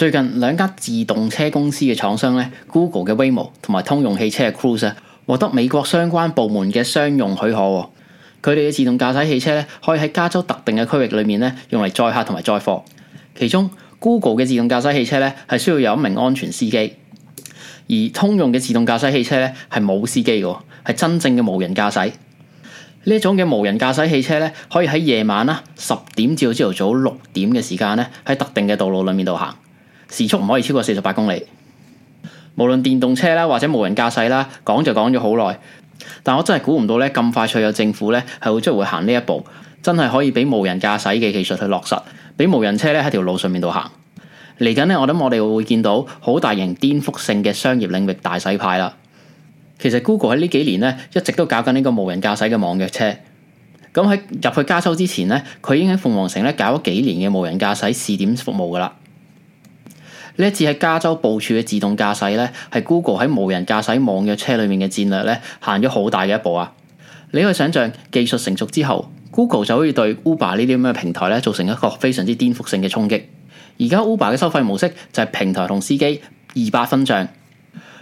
最近兩家自動車公司嘅廠商咧，Google 嘅 Waymo 同埋通用汽車嘅 Cruise 啊，獲得美國相關部門嘅商用許可。佢哋嘅自動駕駛汽車咧，可以喺加州特定嘅區域裏面咧，用嚟載客同埋載貨。其中 Google 嘅自動駕駛汽車咧，係需要有一名安全司機；而通用嘅自動駕駛汽車咧，係冇司機嘅，係真正嘅無人駕駛。呢一種嘅無人駕駛汽車咧，可以喺夜晚啦，十點至到朝頭早六點嘅時間咧，喺特定嘅道路裏面度行。時速唔可以超過四十八公里，無論電動車啦或者無人駕駛啦，講就講咗好耐，但我真係估唔到咧，咁快脆有政府咧係會將會行呢一步，真係可以俾無人駕駛嘅技術去落實，俾無人車咧喺條路上面度行。嚟緊咧，我諗我哋會見到好大型顛覆性嘅商業領域大洗牌啦。其實 Google 喺呢幾年咧一直都搞緊呢個無人駕駛嘅網約車，咁喺入去加州之前咧，佢已經喺鳳凰城咧搞咗幾年嘅無人駕駛試點服務㗎喇。呢一次喺加州部署嘅自動駕駛咧，係 Google 喺無人駕駛網約車裏面嘅戰略咧，行咗好大嘅一步啊！你可以想象技術成熟之後，Google 就可以對 Uber 呢啲咁嘅平台咧造成一個非常之顛覆性嘅衝擊。而家 Uber 嘅收費模式就係平台同司機二八分賬。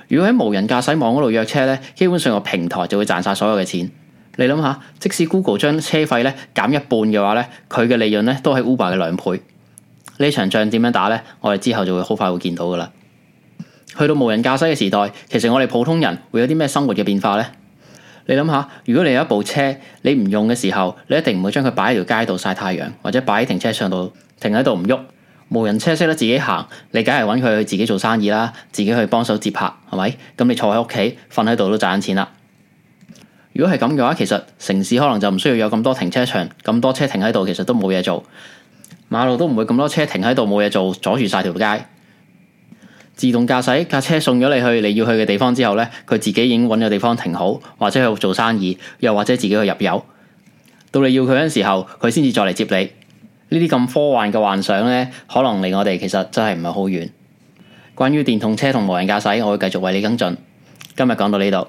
如果喺無人駕駛網嗰度約車咧，基本上個平台就會賺晒所有嘅錢。你諗下，即使 Google 將車費咧減一半嘅話咧，佢嘅利潤咧都係 Uber 嘅兩倍。呢場仗點樣打呢？我哋之後就會好快會見到㗎啦。去到無人駕駛嘅時代，其實我哋普通人會有啲咩生活嘅變化呢？你諗下，如果你有一部車，你唔用嘅時候，你一定唔會將佢擺喺條街度曬太陽，或者擺喺停車場度停喺度唔喐。無人車識得自己行，你梗係揾佢去自己做生意啦，自己去幫手接客，係咪？咁你坐喺屋企瞓喺度都賺緊錢啦。如果係咁嘅話，其實城市可能就唔需要有咁多停車場，咁多車停喺度，其實都冇嘢做。馬路都唔會咁多車停喺度，冇嘢做，阻住晒條街。自動駕駛架車送咗你去你要去嘅地方之後呢，佢自己已經揾咗地方停好，或者去做生意，又或者自己去入油。到你要佢嗰陣時候，佢先至再嚟接你。呢啲咁科幻嘅幻想呢，可能離我哋其實真係唔係好遠。關於電動車同無人駕駛，我會繼續為你跟進。今日講到呢度。